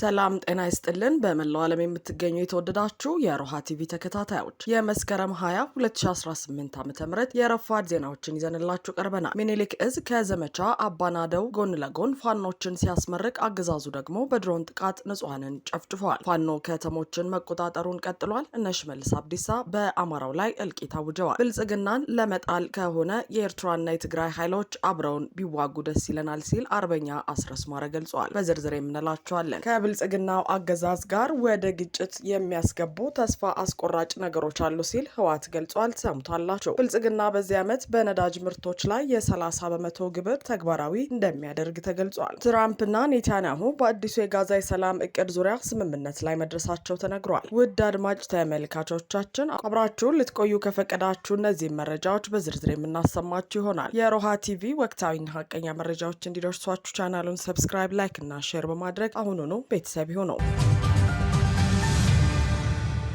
ሰላም ጤና ይስጥልን። በመላው ዓለም የምትገኙ የተወደዳችሁ የሮሃ ቲቪ ተከታታዮች የመስከረም 20 2018 ዓ ም የረፋድ ዜናዎችን ይዘንላችሁ ቀርበናል። ሚኒሊክ እዝ ከዘመቻ አባናደው ጎን ለጎን ፋኖችን ሲያስመርቅ፣ አገዛዙ ደግሞ በድሮን ጥቃት ንጹሐንን ጨፍጭፏል። ፋኖ ከተሞችን መቆጣጠሩን ቀጥሏል። እነ ሽመልስ አብዲሳ በአማራው ላይ እልቂት አውጀዋል። ብልጽግናን ለመጣል ከሆነ የኤርትራና የትግራይ ኃይሎች አብረውን ቢዋጉ ደስ ይለናል ሲል አርበኛ አስረስማረ ማረ ገልጸዋል። በዝርዝር የምንላችኋለን። ከብልጽግናው አገዛዝ ጋር ወደ ግጭት የሚያስገቡ ተስፋ አስቆራጭ ነገሮች አሉ ሲል ህወሓት ገልጿል። ሰምቷላቸው። ብልጽግና በዚህ ዓመት በነዳጅ ምርቶች ላይ የ30 በመቶ ግብር ተግባራዊ እንደሚያደርግ ተገልጿል። ትራምፕና ኔታንያሁ በአዲሱ የጋዛ የሰላም እቅድ ዙሪያ ስምምነት ላይ መድረሳቸው ተነግሯል። ውድ አድማጭ ተመልካቾቻችን አብራችሁን ልትቆዩ ከፈቀዳችሁ እነዚህን መረጃዎች በዝርዝር የምናሰማችሁ ይሆናል። የሮሃ ቲቪ ወቅታዊና ሀቀኛ መረጃዎች እንዲደርሷችሁ ቻናሉን ሰብስክራይብ፣ ላይክ እና ሼር በማድረግ አሁኑኑ ቤ ቤተሰብ ይሁኑ።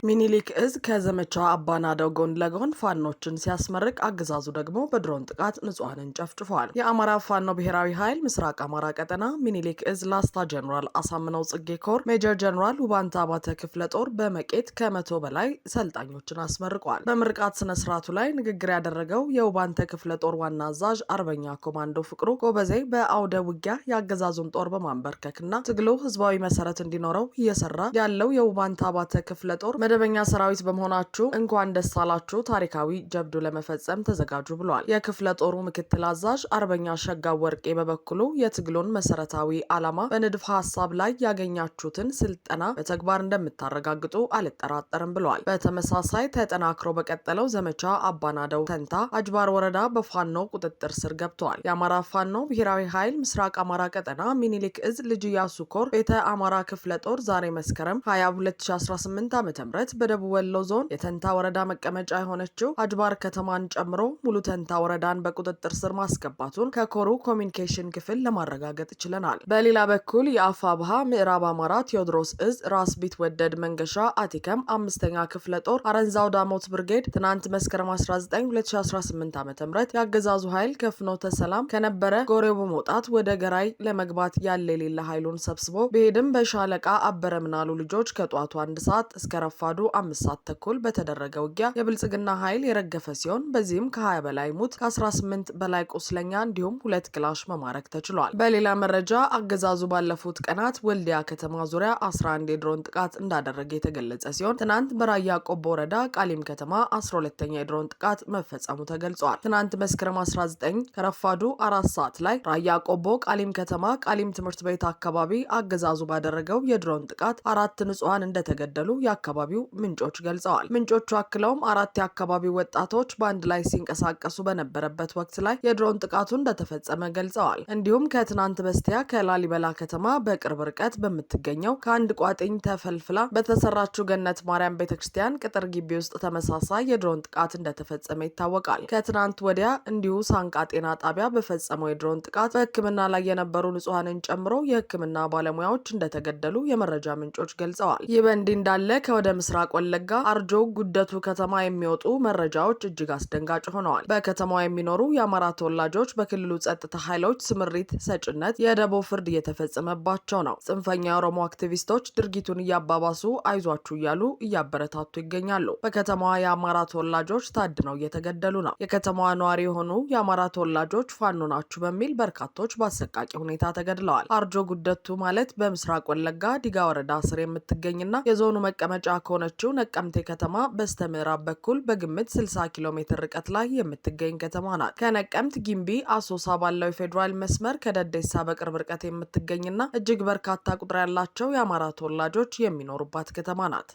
ሚኒሊክ እዝ ከዘመቻ አባናደው ጎን ለጎን ፋኖችን ሲያስመርቅ አገዛዙ ደግሞ በድሮን ጥቃት ንጹሐንን ጨፍጭፏል። የአማራ ፋኖ ብሔራዊ ኃይል ምስራቅ አማራ ቀጠና ሚኒሊክ እዝ ላስታ ጀኔራል አሳምነው ጽጌ ኮር ሜጀር ጀኔራል ውባንታ አባተ ክፍለ ጦር በመቄት ከመቶ በላይ ሰልጣኞችን አስመርቋል። በምርቃት ስነ ስርዓቱ ላይ ንግግር ያደረገው የውባንተ ክፍለ ጦር ዋና አዛዥ አርበኛ ኮማንዶ ፍቅሩ ጎበዜ በአውደ ውጊያ የአገዛዙን ጦር በማንበርከክና ትግሉ ህዝባዊ መሰረት እንዲኖረው እየሰራ ያለው የውባንታ አባተ ክፍለ ጦር መደበኛ ሰራዊት በመሆናችሁ እንኳን ደስ አላችሁ ታሪካዊ ጀብዱ ለመፈጸም ተዘጋጁ ብሏል። የክፍለ ጦሩ ምክትል አዛዥ አርበኛ ሸጋብ ወርቄ በበኩሉ የትግሉን መሰረታዊ ዓላማ በንድፈ ሀሳብ ላይ ያገኛችሁትን ስልጠና በተግባር እንደምታረጋግጡ አልጠራጠርም ብለዋል። በተመሳሳይ ተጠናክሮ በቀጠለው ዘመቻ አባናደው ተንታ አጅባር ወረዳ በፋኖ ቁጥጥር ስር ገብተዋል። የአማራ ፋኖ ብሔራዊ ኃይል ምስራቅ አማራ ቀጠና ሚኒሊክ እዝ ልጅ ያሱኮር ቤተ አማራ ክፍለ ጦር ዛሬ መስከረም 22 2018 ዓ ም ዓመት በደቡብ ወሎ ዞን የተንታ ወረዳ መቀመጫ የሆነችው አድባር ከተማን ጨምሮ ሙሉ ተንታ ወረዳን በቁጥጥር ስር ማስገባቱን ከኮሩ ኮሚኒኬሽን ክፍል ለማረጋገጥ ችለናል። በሌላ በኩል የአፋብሃ ምዕራብ አማራ ቴዎድሮስ እዝ ራስ ቢትወደድ መንገሻ አቲከም አምስተኛ ክፍለ ጦር አረንዛው ዳሞት ብርጌድ ትናንት መስከረም 19 2018 ዓ.ም የአገዛዙ ኃይል ከፍኖተ ሰላም ከነበረ ጎሬው በመውጣት ወደ ገራይ ለመግባት ያለ የሌለ ኃይሉን ሰብስቦ ብሄድም በሻለቃ አበረምናሉ ልጆች ከጧቱ አንድ ሰዓት እስከ ረፋ። በረፋዱ አምስት ሰዓት ተኩል በተደረገ ውጊያ የብልጽግና ኃይል የረገፈ ሲሆን በዚህም ከ20 በላይ ሙት ከ18 በላይ ቁስለኛ እንዲሁም ሁለት ክላሽ መማረክ ተችሏል። በሌላ መረጃ አገዛዙ ባለፉት ቀናት ወልዲያ ከተማ ዙሪያ 11 የድሮን ጥቃት እንዳደረገ የተገለጸ ሲሆን ትናንት በራያ ቆቦ ወረዳ ቃሊም ከተማ 12ተኛ የድሮን ጥቃት መፈጸሙ ተገልጿል። ትናንት መስከረም 19 ከረፋዱ አራት ሰዓት ላይ ራያ ቆቦ ቃሊም ከተማ ቃሊም ትምህርት ቤት አካባቢ አገዛዙ ባደረገው የድሮን ጥቃት አራት ንጹሐን እንደተገደሉ የአካባቢው አካባቢው ምንጮች ገልጸዋል። ምንጮቹ አክለውም አራት የአካባቢው ወጣቶች በአንድ ላይ ሲንቀሳቀሱ በነበረበት ወቅት ላይ የድሮን ጥቃቱ እንደተፈጸመ ገልጸዋል። እንዲሁም ከትናንት በስቲያ ከላሊበላ ከተማ በቅርብ ርቀት በምትገኘው ከአንድ ቋጥኝ ተፈልፍላ በተሰራችው ገነት ማርያም ቤተ ክርስቲያን ቅጥር ግቢ ውስጥ ተመሳሳይ የድሮን ጥቃት እንደተፈጸመ ይታወቃል። ከትናንት ወዲያ እንዲሁ ሳንቃ ጤና ጣቢያ በፈጸመው የድሮን ጥቃት በሕክምና ላይ የነበሩ ንጹሐንን ጨምሮ የሕክምና ባለሙያዎች እንደተገደሉ የመረጃ ምንጮች ገልጸዋል። ይህ በእንዲህ እንዳለ ከወደ ምስራቅ ወለጋ አርጆ ጉደቱ ከተማ የሚወጡ መረጃዎች እጅግ አስደንጋጭ ሆነዋል። በከተማዋ የሚኖሩ የአማራ ተወላጆች በክልሉ ጸጥታ ኃይሎች ስምሪት ሰጭነት የደቦ ፍርድ እየተፈጸመባቸው ነው። ጽንፈኛ የኦሮሞ አክቲቪስቶች ድርጊቱን እያባባሱ አይዟችሁ እያሉ እያበረታቱ ይገኛሉ። በከተማዋ የአማራ ተወላጆች ታድነው እየተገደሉ ነው። የከተማዋ ነዋሪ የሆኑ የአማራ ተወላጆች ፋኖ ናችሁ በሚል በርካቶች በአሰቃቂ ሁኔታ ተገድለዋል። አርጆ ጉደቱ ማለት በምስራቅ ወለጋ ዲጋ ወረዳ ስር የምትገኝና የዞኑ መቀመጫ ከሆነ ከሆነችው ነቀምቴ ከተማ በስተምዕራብ በኩል በግምት 60 ኪሎ ሜትር ርቀት ላይ የምትገኝ ከተማ ናት። ከነቀምት ጊምቢ፣ አሶሳ ባለው የፌዴራል መስመር ከደዴሳ በቅርብ ርቀት የምትገኝና እጅግ በርካታ ቁጥር ያላቸው የአማራ ተወላጆች የሚኖሩባት ከተማ ናት።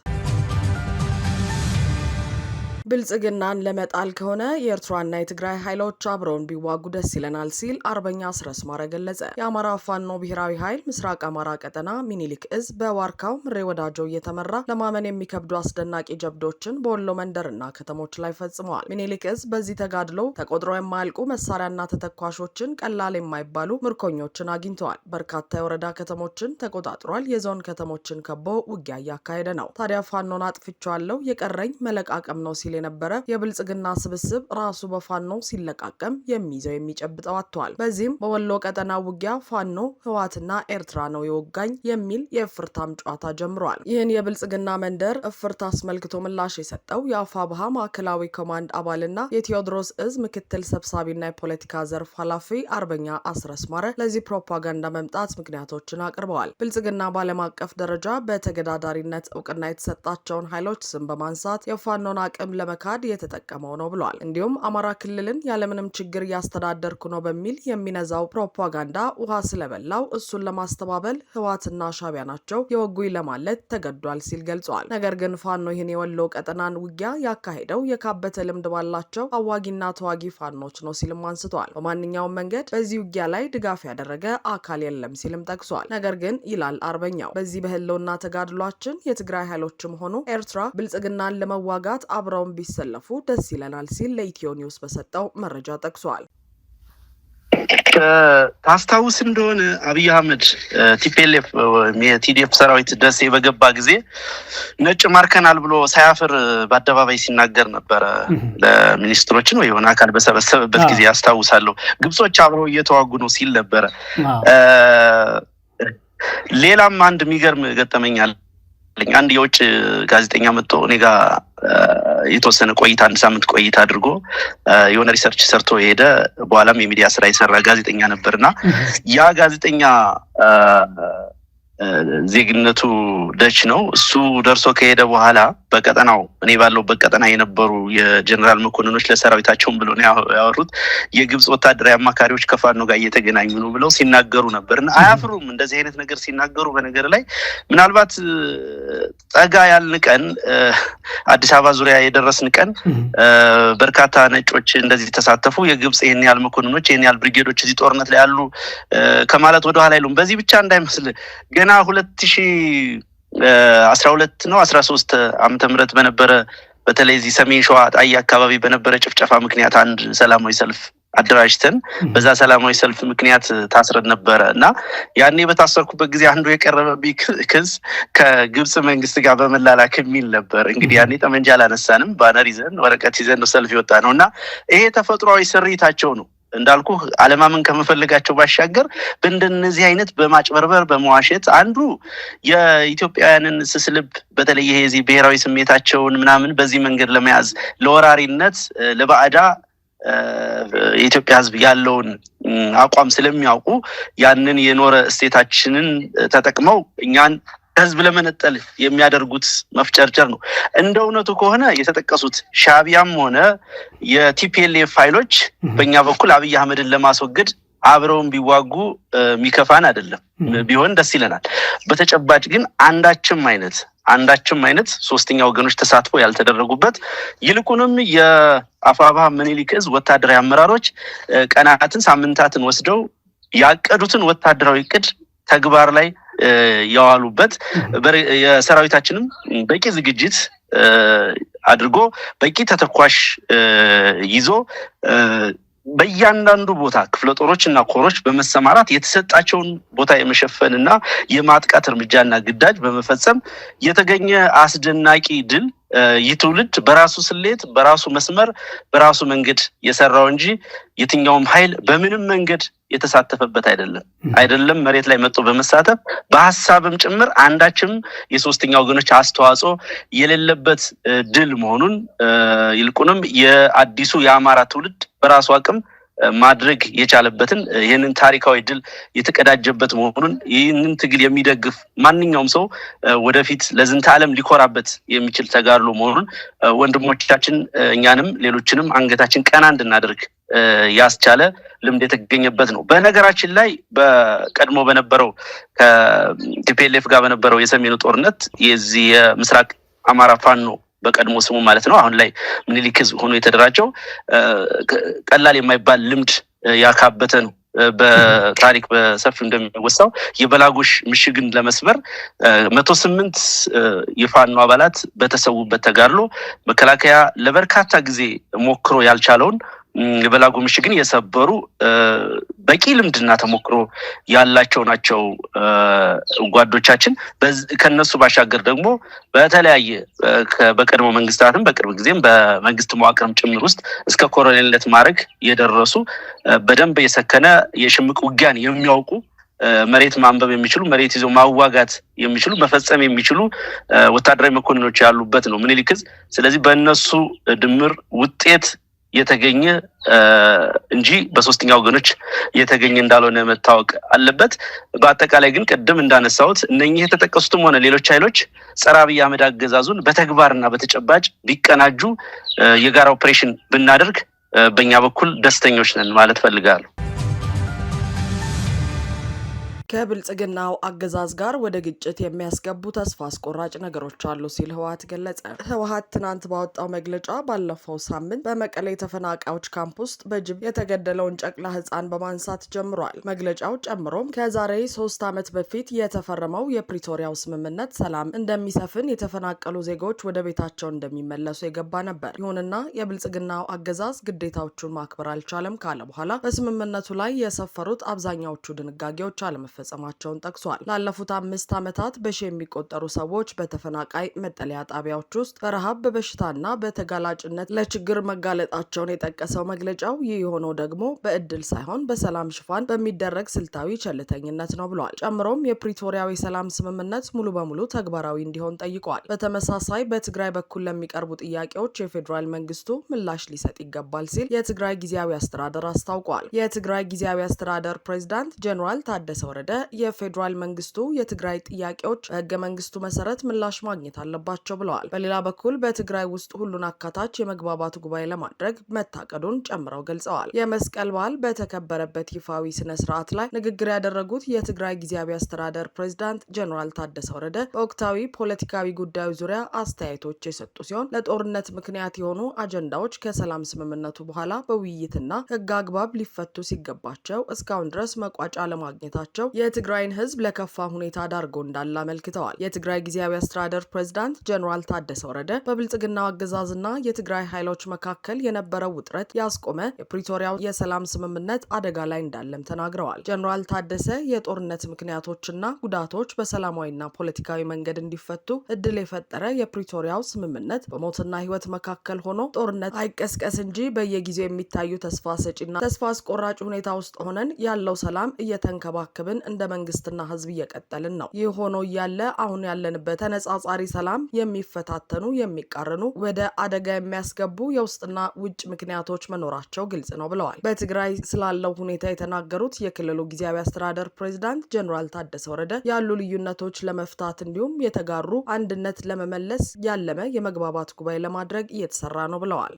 ብልጽግናን ለመጣል ከሆነ የኤርትራና የትግራይ ኃይሎች አብረውን ቢዋጉ ደስ ይለናል ሲል አርበኛ አስረስ አስማረ ገለጸ። የአማራ ፋኖ ብሔራዊ ኃይል ምስራቅ አማራ ቀጠና ሚኒሊክ እዝ በዋርካው ምሬ ወዳጆ እየተመራ ለማመን የሚከብዱ አስደናቂ ጀብዶችን በወሎ መንደርና ከተሞች ላይ ፈጽመዋል። ሚኒሊክ እዝ በዚህ ተጋድሎ ተቆጥሮ የማያልቁ መሳሪያና ተተኳሾችን፣ ቀላል የማይባሉ ምርኮኞችን አግኝተዋል። በርካታ የወረዳ ከተሞችን ተቆጣጥሯል። የዞን ከተሞችን ከቦ ውጊያ እያካሄደ ነው። ታዲያ ፋኖን አጥፍቻለሁ የቀረኝ መለቃቀም ነው ሲል ሲል የነበረ የብልጽግና ስብስብ ራሱ በፋኖ ሲለቃቀም የሚይዘው የሚጨብጠው አጥቷል። በዚህም በወሎ ቀጠና ውጊያ ፋኖ ህዋትና ኤርትራ ነው የወጋኝ የሚል የእፍርታም ጨዋታ ጀምሯል። ይህን የብልጽግና መንደር እፍርት አስመልክቶ ምላሽ የሰጠው የአፋ ባሃ ማዕከላዊ ኮማንድ አባልና የቴዎድሮስ እዝ ምክትል ሰብሳቢና የፖለቲካ ዘርፍ ኃላፊ አርበኛ አስረስ ማረ ለዚህ ፕሮፓጋንዳ መምጣት ምክንያቶችን አቅርበዋል። ብልጽግና በዓለም አቀፍ ደረጃ በተገዳዳሪነት እውቅና የተሰጣቸውን ኃይሎች ስም በማንሳት የፋኖን አቅም ለመካድ የተጠቀመው ነው ብሏል። እንዲሁም አማራ ክልልን ያለምንም ችግር እያስተዳደርኩ ነው በሚል የሚነዛው ፕሮፓጋንዳ ውሃ ስለበላው እሱን ለማስተባበል ህዋትና ሻቢያ ናቸው የወጉኝ ለማለት ተገዷል ሲል ገልጿል። ነገር ግን ፋኖ ይህን የወሎ ቀጠናን ውጊያ ያካሄደው የካበተ ልምድ ባላቸው አዋጊና ተዋጊ ፋኖች ነው ሲልም አንስቷል። በማንኛውም መንገድ በዚህ ውጊያ ላይ ድጋፍ ያደረገ አካል የለም ሲልም ጠቅሷል። ነገር ግን ይላል አርበኛው በዚህ በህልውና ተጋድሏችን የትግራይ ኃይሎችም ሆኑ ኤርትራ ብልጽግናን ለመዋጋት አብረውን ሰላም ቢሰለፉ ደስ ይለናል ሲል ለኢትዮ ኒውስ በሰጠው መረጃ ጠቅሷል። ታስታውስ እንደሆነ አብይ አህመድ ቲፒኤልኤፍ የቲዲኤፍ ሰራዊት ደሴ በገባ ጊዜ ነጭ ማርከናል ብሎ ሳያፍር በአደባባይ ሲናገር ነበረ። ለሚኒስትሮችን ወይ የሆነ አካል በሰበሰበበት ጊዜ ያስታውሳለሁ። ግብጾች አብረው እየተዋጉ ነው ሲል ነበረ። ሌላም አንድ የሚገርም ገጠመኛል። አንድ የውጭ ጋዜጠኛ መጥቶ እኔ የተወሰነ ቆይታ አንድ ሳምንት ቆይታ አድርጎ የሆነ ሪሰርች ሰርቶ የሄደ በኋላም የሚዲያ ስራ የሰራ ጋዜጠኛ ነበር እና ያ ጋዜጠኛ ዜግነቱ ደች ነው። እሱ ደርሶ ከሄደ በኋላ በቀጠናው እኔ ባለሁበት ቀጠና የነበሩ የጀኔራል መኮንኖች ለሰራዊታቸውን ብሎ ነው ያወሩት። የግብፅ ወታደራዊ አማካሪዎች ከፋኖ ጋር እየተገናኙ ነው ብለው ሲናገሩ ነበር እና አያፍሩም። እንደዚህ አይነት ነገር ሲናገሩ በነገር ላይ ምናልባት ጠጋ ያልን ቀን አዲስ አበባ ዙሪያ የደረስን ቀን በርካታ ነጮች እንደዚህ ተሳተፉ፣ የግብፅ ይህን ያህል መኮንኖች ይህን ያህል ብሪጌዶች እዚህ ጦርነት ላይ ያሉ ከማለት ወደኋላ አይሉም። በዚህ ብቻ እንዳይመስል ገና ሁለት ሺህ አስራ ሁለት ነው አስራ ሶስት አመተ ምህረት በነበረ በተለይ እዚህ ሰሜን ሸዋ ጣይ አካባቢ በነበረ ጭፍጨፋ ምክንያት አንድ ሰላማዊ ሰልፍ አደራጅተን በዛ ሰላማዊ ሰልፍ ምክንያት ታስረን ነበረ እና ያኔ በታሰርኩበት ጊዜ አንዱ የቀረበብኝ ክስ ከግብፅ መንግስት ጋር በመላላክ የሚል ነበር። እንግዲህ ያኔ ጠመንጃ አላነሳንም፣ ባነር ይዘን ወረቀት ይዘን ሰልፍ ይወጣ ነው እና ይሄ ተፈጥሯዊ ስሪታቸው ነው። እንዳልኩ አለማመን ከመፈለጋቸው ባሻገር በእንደነዚህ አይነት በማጭበርበር በመዋሸት አንዱ የኢትዮጵያውያንን ስስልብ በተለየ የዚህ ብሔራዊ ስሜታቸውን ምናምን በዚህ መንገድ ለመያዝ ለወራሪነት ለባዕዳ የኢትዮጵያ ህዝብ ያለውን አቋም ስለሚያውቁ ያንን የኖረ እስቴታችንን ተጠቅመው እኛን ህዝብ ለመነጠል የሚያደርጉት መፍጨርጨር ነው። እንደ እውነቱ ከሆነ የተጠቀሱት ሻቢያም ሆነ የቲፒኤልኤፍ ኃይሎች በእኛ በኩል አብይ አህመድን ለማስወገድ አብረውን ቢዋጉ የሚከፋን አይደለም፣ ቢሆን ደስ ይለናል። በተጨባጭ ግን አንዳችም አይነት አንዳችም አይነት ሶስተኛ ወገኖች ተሳትፎ ያልተደረጉበት ይልቁንም የአፋባ ምኒልክ እዝ ወታደራዊ አመራሮች ቀናትን ሳምንታትን ወስደው ያቀዱትን ወታደራዊ እቅድ ተግባር ላይ የዋሉበት የሰራዊታችንም በቂ ዝግጅት አድርጎ በቂ ተተኳሽ ይዞ በእያንዳንዱ ቦታ ክፍለ ጦሮች እና ኮሮች በመሰማራት የተሰጣቸውን ቦታ የመሸፈን እና የማጥቃት እርምጃና ግዳጅ በመፈጸም የተገኘ አስደናቂ ድል ይህ ትውልድ በራሱ ስሌት በራሱ መስመር በራሱ መንገድ የሰራው እንጂ የትኛውም ኃይል በምንም መንገድ የተሳተፈበት አይደለም። አይደለም መሬት ላይ መጥቶ በመሳተፍ በሀሳብም ጭምር አንዳችም የሶስተኛ ወገኖች አስተዋጽኦ የሌለበት ድል መሆኑን ይልቁንም የአዲሱ የአማራ ትውልድ በራሱ አቅም ማድረግ የቻለበትን ይህንን ታሪካዊ ድል የተቀዳጀበት መሆኑን ይህንን ትግል የሚደግፍ ማንኛውም ሰው ወደፊት ለዝንተ ዓለም ሊኮራበት የሚችል ተጋድሎ መሆኑን ወንድሞቻችን እኛንም ሌሎችንም አንገታችን ቀና እንድናደርግ ያስቻለ ልምድ የተገኘበት ነው። በነገራችን ላይ በቀድሞ በነበረው ከቲፒኤልኤፍ ጋር በነበረው የሰሜኑ ጦርነት የዚህ የምስራቅ አማራ ፋኖ በቀድሞ ስሙ ማለት ነው። አሁን ላይ ምኒልክ ሆኖ የተደራጀው ቀላል የማይባል ልምድ ያካበተ ነው። በታሪክ በሰፊው እንደሚወሳው የበላጎሽ ምሽግን ለመስበር መቶ ስምንት የፋኖ አባላት በተሰዉበት ተጋድሎ መከላከያ ለበርካታ ጊዜ ሞክሮ ያልቻለውን የበላ ጎምሽ ግን የሰበሩ በቂ ልምድና ተሞክሮ ያላቸው ናቸው ጓዶቻችን። ከነሱ ባሻገር ደግሞ በተለያየ በቀድሞ መንግስታትም በቅርብ ጊዜም በመንግስት መዋቅርም ጭምር ውስጥ እስከ ኮሎኔልነት ማድረግ የደረሱ በደንብ የሰከነ የሽምቅ ውጊያን የሚያውቁ መሬት ማንበብ የሚችሉ መሬት ይዞ ማዋጋት የሚችሉ መፈጸም የሚችሉ ወታደራዊ መኮንኖች ያሉበት ነው ምኒልክ ስለዚህ በእነሱ ድምር ውጤት የተገኘ እንጂ በሶስተኛ ወገኖች የተገኘ እንዳልሆነ መታወቅ አለበት። በአጠቃላይ ግን ቅድም እንዳነሳሁት እነኚህ የተጠቀሱትም ሆነ ሌሎች ኃይሎች ጸረ አብይ አህመድ አገዛዙን በተግባርና በተጨባጭ ቢቀናጁ የጋራ ኦፕሬሽን ብናደርግ በእኛ በኩል ደስተኞች ነን ማለት ፈልጋለሁ። ከብልጽግናው አገዛዝ ጋር ወደ ግጭት የሚያስገቡ ተስፋ አስቆራጭ ነገሮች አሉ ሲል ህወሀት ገለጸ። ህወሀት ትናንት ባወጣው መግለጫ ባለፈው ሳምንት በመቀሌ የተፈናቃዮች ካምፕ ውስጥ በጅብ የተገደለውን ጨቅላ ህፃን በማንሳት ጀምሯል። መግለጫው ጨምሮም ከዛሬ ሶስት ዓመት በፊት የተፈረመው የፕሪቶሪያው ስምምነት ሰላም እንደሚሰፍን፣ የተፈናቀሉ ዜጎች ወደ ቤታቸው እንደሚመለሱ የገባ ነበር። ይሁንና የብልጽግናው አገዛዝ ግዴታዎቹን ማክበር አልቻለም ካለ በኋላ በስምምነቱ ላይ የሰፈሩት አብዛኛዎቹ ድንጋጌዎች አለመፈ መፈጸማቸውን ጠቅሷል። ላለፉት አምስት ዓመታት በሺ የሚቆጠሩ ሰዎች በተፈናቃይ መጠለያ ጣቢያዎች ውስጥ በረሃብ በበሽታና በተጋላጭነት ለችግር መጋለጣቸውን የጠቀሰው መግለጫው ይህ የሆነው ደግሞ በእድል ሳይሆን በሰላም ሽፋን በሚደረግ ስልታዊ ቸልተኝነት ነው ብሏል። ጨምሮም የፕሪቶሪያው የሰላም ስምምነት ሙሉ በሙሉ ተግባራዊ እንዲሆን ጠይቋል። በተመሳሳይ በትግራይ በኩል ለሚቀርቡ ጥያቄዎች የፌዴራል መንግስቱ ምላሽ ሊሰጥ ይገባል ሲል የትግራይ ጊዜያዊ አስተዳደር አስታውቋል። የትግራይ ጊዜያዊ አስተዳደር ፕሬዚዳንት ጄኔራል ታደሰ ወረደ ከፈቀደ የፌዴራል መንግስቱ የትግራይ ጥያቄዎች በህገ መንግስቱ መሰረት ምላሽ ማግኘት አለባቸው ብለዋል። በሌላ በኩል በትግራይ ውስጥ ሁሉን አካታች የመግባባት ጉባኤ ለማድረግ መታቀዱን ጨምረው ገልጸዋል። የመስቀል በዓል በተከበረበት ይፋዊ ስነ ስርዓት ላይ ንግግር ያደረጉት የትግራይ ጊዜያዊ አስተዳደር ፕሬዚዳንት ጀኔራል ታደሰ ወረደ በወቅታዊ ፖለቲካዊ ጉዳዮች ዙሪያ አስተያየቶች የሰጡ ሲሆን ለጦርነት ምክንያት የሆኑ አጀንዳዎች ከሰላም ስምምነቱ በኋላ በውይይትና ህግ አግባብ ሊፈቱ ሲገባቸው እስካሁን ድረስ መቋጫ ለማግኘታቸው የትግራይን ህዝብ ለከፋ ሁኔታ ዳርጎ እንዳለ አመልክተዋል። የትግራይ ጊዜያዊ አስተዳደር ፕሬዚዳንት ጀኔራል ታደሰ ወረደ በብልጽግናው አገዛዝና የትግራይ ኃይሎች መካከል የነበረው ውጥረት ያስቆመ የፕሪቶሪያው የሰላም ስምምነት አደጋ ላይ እንዳለም ተናግረዋል። ጀኔራል ታደሰ የጦርነት ምክንያቶችና ጉዳቶች በሰላማዊና ፖለቲካዊ መንገድ እንዲፈቱ እድል የፈጠረ የፕሪቶሪያው ስምምነት በሞትና ህይወት መካከል ሆኖ ጦርነት አይቀስቀስ እንጂ በየጊዜው የሚታዩ ተስፋ ሰጪና ተስፋ አስቆራጭ ሁኔታ ውስጥ ሆነን ያለው ሰላም እየተንከባከብን እንደ መንግስትና ህዝብ እየቀጠልን ነው። ይህ ሆኖ እያለ አሁን ያለንበት ተነጻጻሪ ሰላም የሚፈታተኑ የሚቃረኑ፣ ወደ አደጋ የሚያስገቡ የውስጥና ውጭ ምክንያቶች መኖራቸው ግልጽ ነው ብለዋል። በትግራይ ስላለው ሁኔታ የተናገሩት የክልሉ ጊዜያዊ አስተዳደር ፕሬዚዳንት ጀኔራል ታደሰ ወረደ ያሉ ልዩነቶች ለመፍታት እንዲሁም የተጋሩ አንድነት ለመመለስ ያለመ የመግባባት ጉባኤ ለማድረግ እየተሰራ ነው ብለዋል።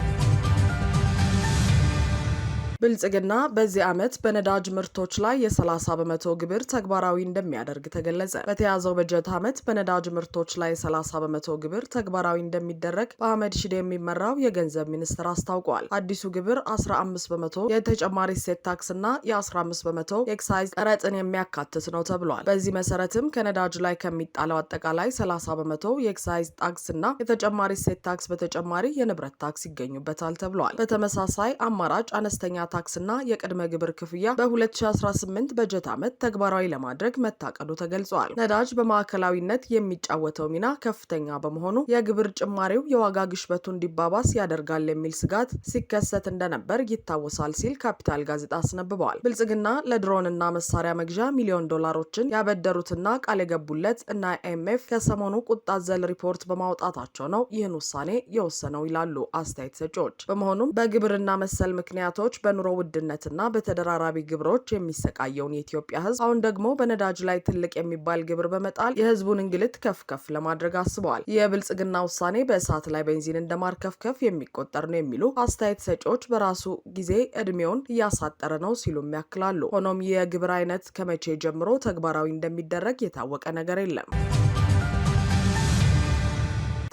ብልጽግና በዚህ ዓመት በነዳጅ ምርቶች ላይ የ30 በመቶ ግብር ተግባራዊ እንደሚያደርግ ተገለጸ። በተያዘው በጀት ዓመት በነዳጅ ምርቶች ላይ የ30 በመቶ ግብር ተግባራዊ እንደሚደረግ በአህመድ ሺዴ የሚመራው የገንዘብ ሚኒስቴር አስታውቋል። አዲሱ ግብር 15 በመቶ የተጨማሪ እሴት ታክስና የ15 በመቶ ኤክሳይዝ ቀረጥን የሚያካትት ነው ተብሏል። በዚህ መሰረትም ከነዳጅ ላይ ከሚጣለው አጠቃላይ 30 በመቶ የኤክሳይዝ ታክስ እና የተጨማሪ እሴት ታክስ በተጨማሪ የንብረት ታክስ ይገኙበታል ተብሏል። በተመሳሳይ አማራጭ አነስተኛ ታክስና የቅድመ ግብር ክፍያ በ2018 በጀት ዓመት ተግባራዊ ለማድረግ መታቀዱ ተገልጿል። ነዳጅ በማዕከላዊነት የሚጫወተው ሚና ከፍተኛ በመሆኑ የግብር ጭማሪው የዋጋ ግሽበቱ እንዲባባስ ያደርጋል የሚል ስጋት ሲከሰት እንደነበር ይታወሳል ሲል ካፒታል ጋዜጣ አስነብበዋል። ብልጽግና ለድሮንና መሳሪያ መግዣ ሚሊዮን ዶላሮችን ያበደሩትና ቃል የገቡለት እና ኤምኤፍ ከሰሞኑ ቁጣ ዘል ሪፖርት በማውጣታቸው ነው ይህን ውሳኔ የወሰነው ይላሉ አስተያየት ሰጪዎች። በመሆኑም በግብርና መሰል ምክንያቶች በኑ በኑሮ ውድነትና በተደራራቢ ግብሮች የሚሰቃየውን የኢትዮጵያ ህዝብ አሁን ደግሞ በነዳጅ ላይ ትልቅ የሚባል ግብር በመጣል የህዝቡን እንግልት ከፍከፍ ለማድረግ አስበዋል። የብልጽግና ውሳኔ በእሳት ላይ ቤንዚን እንደማርከፍከፍ የሚቆጠር ነው የሚሉ አስተያየት ሰጪዎች በራሱ ጊዜ እድሜውን እያሳጠረ ነው ሲሉም ያክላሉ። ሆኖም የግብር አይነት ከመቼ ጀምሮ ተግባራዊ እንደሚደረግ የታወቀ ነገር የለም።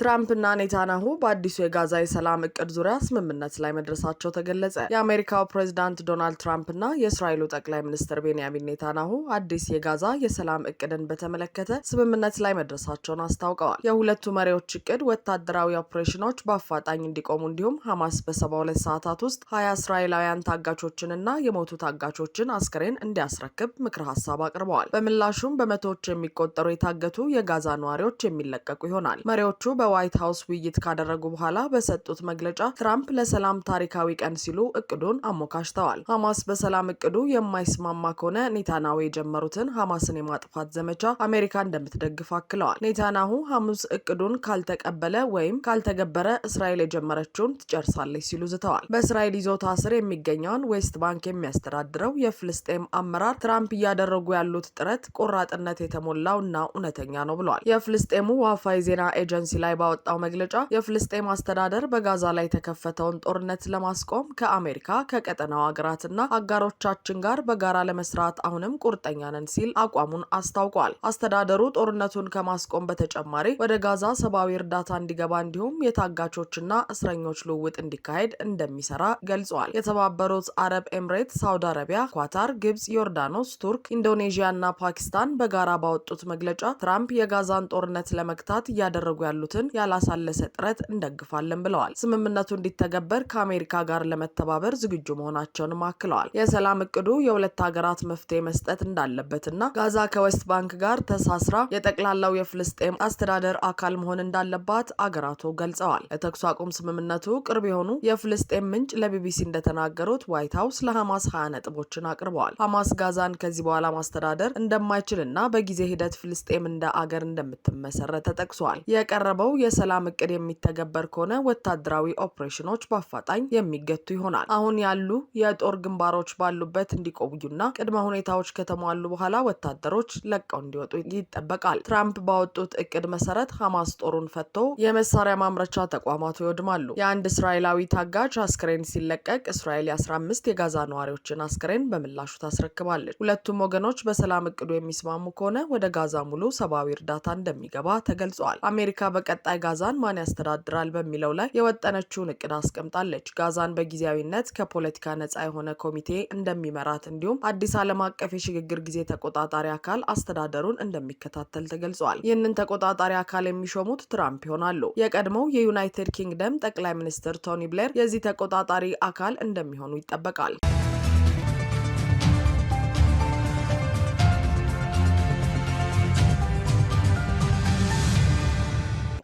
ትራምፕና ኔታንያሁ በአዲሱ የጋዛ የሰላም እቅድ ዙሪያ ስምምነት ላይ መድረሳቸው ተገለጸ። የአሜሪካው ፕሬዚዳንት ዶናልድ ትራምፕና የእስራኤሉ ጠቅላይ ሚኒስትር ቤንያሚን ኔታንያሁ አዲስ የጋዛ የሰላም እቅድን በተመለከተ ስምምነት ላይ መድረሳቸውን አስታውቀዋል። የሁለቱ መሪዎች እቅድ ወታደራዊ ኦፕሬሽኖች በአፋጣኝ እንዲቆሙ እንዲሁም ሐማስ በሰባ ሁለት ሰዓታት ውስጥ ሀያ እስራኤላውያን ታጋቾችንና የሞቱ ታጋቾችን አስክሬን እንዲያስረክብ ምክር ሀሳብ አቅርበዋል። በምላሹም በመቶዎች የሚቆጠሩ የታገቱ የጋዛ ነዋሪዎች የሚለቀቁ ይሆናል። መሪዎቹ በ በዋይት ሀውስ ውይይት ካደረጉ በኋላ በሰጡት መግለጫ ትራምፕ ለሰላም ታሪካዊ ቀን ሲሉ እቅዱን አሞካሽተዋል። ሐማስ በሰላም እቅዱ የማይስማማ ከሆነ ኔታናሁ የጀመሩትን ሐማስን የማጥፋት ዘመቻ አሜሪካ እንደምትደግፍ አክለዋል። ኔታናሁ ሐሙስ እቅዱን ካልተቀበለ ወይም ካልተገበረ እስራኤል የጀመረችውን ትጨርሳለች ሲሉ ዝተዋል። በእስራኤል ይዞታ ስር የሚገኘውን ዌስት ባንክ የሚያስተዳድረው የፍልስጤም አመራር ትራምፕ እያደረጉ ያሉት ጥረት ቆራጥነት የተሞላው እና እውነተኛ ነው ብለዋል። የፍልስጤሙ ዋፋይ ዜና ኤጀንሲ ላይ ባወጣው መግለጫ የፍልስጤም አስተዳደር በጋዛ ላይ የተከፈተውን ጦርነት ለማስቆም ከአሜሪካ ከቀጠናው ሀገራትና አጋሮቻችን ጋር በጋራ ለመስራት አሁንም ቁርጠኛ ነን ሲል አቋሙን አስታውቋል። አስተዳደሩ ጦርነቱን ከማስቆም በተጨማሪ ወደ ጋዛ ሰብአዊ እርዳታ እንዲገባ እንዲሁም የታጋቾችና እስረኞች ልውውጥ እንዲካሄድ እንደሚሰራ ገልጿል። የተባበሩት አረብ ኤምሬት፣ ሳውዲ አረቢያ፣ ኳታር፣ ግብጽ፣ ዮርዳኖስ፣ ቱርክ፣ ኢንዶኔዥያና ፓኪስታን በጋራ ባወጡት መግለጫ ትራምፕ የጋዛን ጦርነት ለመግታት እያደረጉ ያሉትን ያላሳለሰ ጥረት እንደግፋለን ብለዋል። ስምምነቱ እንዲተገበር ከአሜሪካ ጋር ለመተባበር ዝግጁ መሆናቸውንም አክለዋል። የሰላም እቅዱ የሁለት ሀገራት መፍትሄ መስጠት እንዳለበትና ጋዛ ከዌስት ባንክ ጋር ተሳስራ የጠቅላላው የፍልስጤም አስተዳደር አካል መሆን እንዳለባት አገራቱ ገልጸዋል። ለተኩስ አቁም ስምምነቱ ቅርብ የሆኑ የፍልስጤም ምንጭ ለቢቢሲ እንደተናገሩት ዋይት ሀውስ ለሐማስ ሀያ ነጥቦችን አቅርበዋል። ሐማስ ጋዛን ከዚህ በኋላ ማስተዳደር እንደማይችልና በጊዜ ሂደት ፍልስጤም እንደ አገር እንደምትመሰረት ተጠቅሷል። የቀረበው የተያዘው የሰላም እቅድ የሚተገበር ከሆነ ወታደራዊ ኦፕሬሽኖች በአፋጣኝ የሚገቱ ይሆናል። አሁን ያሉ የጦር ግንባሮች ባሉበት እንዲቆዩና ቅድመ ሁኔታዎች ከተሟሉ በኋላ ወታደሮች ለቀው እንዲወጡ ይጠበቃል። ትራምፕ ባወጡት እቅድ መሰረት ሐማስ ጦሩን ፈቶ የመሳሪያ ማምረቻ ተቋማቱ ይወድማሉ። የአንድ እስራኤላዊ ታጋጅ አስክሬን ሲለቀቅ እስራኤል የአስራ አምስት የጋዛ ነዋሪዎችን አስክሬን በምላሹ ታስረክባለች። ሁለቱም ወገኖች በሰላም እቅዱ የሚስማሙ ከሆነ ወደ ጋዛ ሙሉ ሰብአዊ እርዳታ እንደሚገባ ተገልጿል። አሜሪካ በቀ በቀጣይ ጋዛን ማን ያስተዳድራል በሚለው ላይ የወጠነችውን እቅድ አስቀምጣለች። ጋዛን በጊዜያዊነት ከፖለቲካ ነጻ የሆነ ኮሚቴ እንደሚመራት እንዲሁም አዲስ ዓለም አቀፍ የሽግግር ጊዜ ተቆጣጣሪ አካል አስተዳደሩን እንደሚከታተል ተገልጿል። ይህንን ተቆጣጣሪ አካል የሚሾሙት ትራምፕ ይሆናሉ። የቀድሞው የዩናይትድ ኪንግደም ጠቅላይ ሚኒስትር ቶኒ ብሌር የዚህ ተቆጣጣሪ አካል እንደሚሆኑ ይጠበቃል።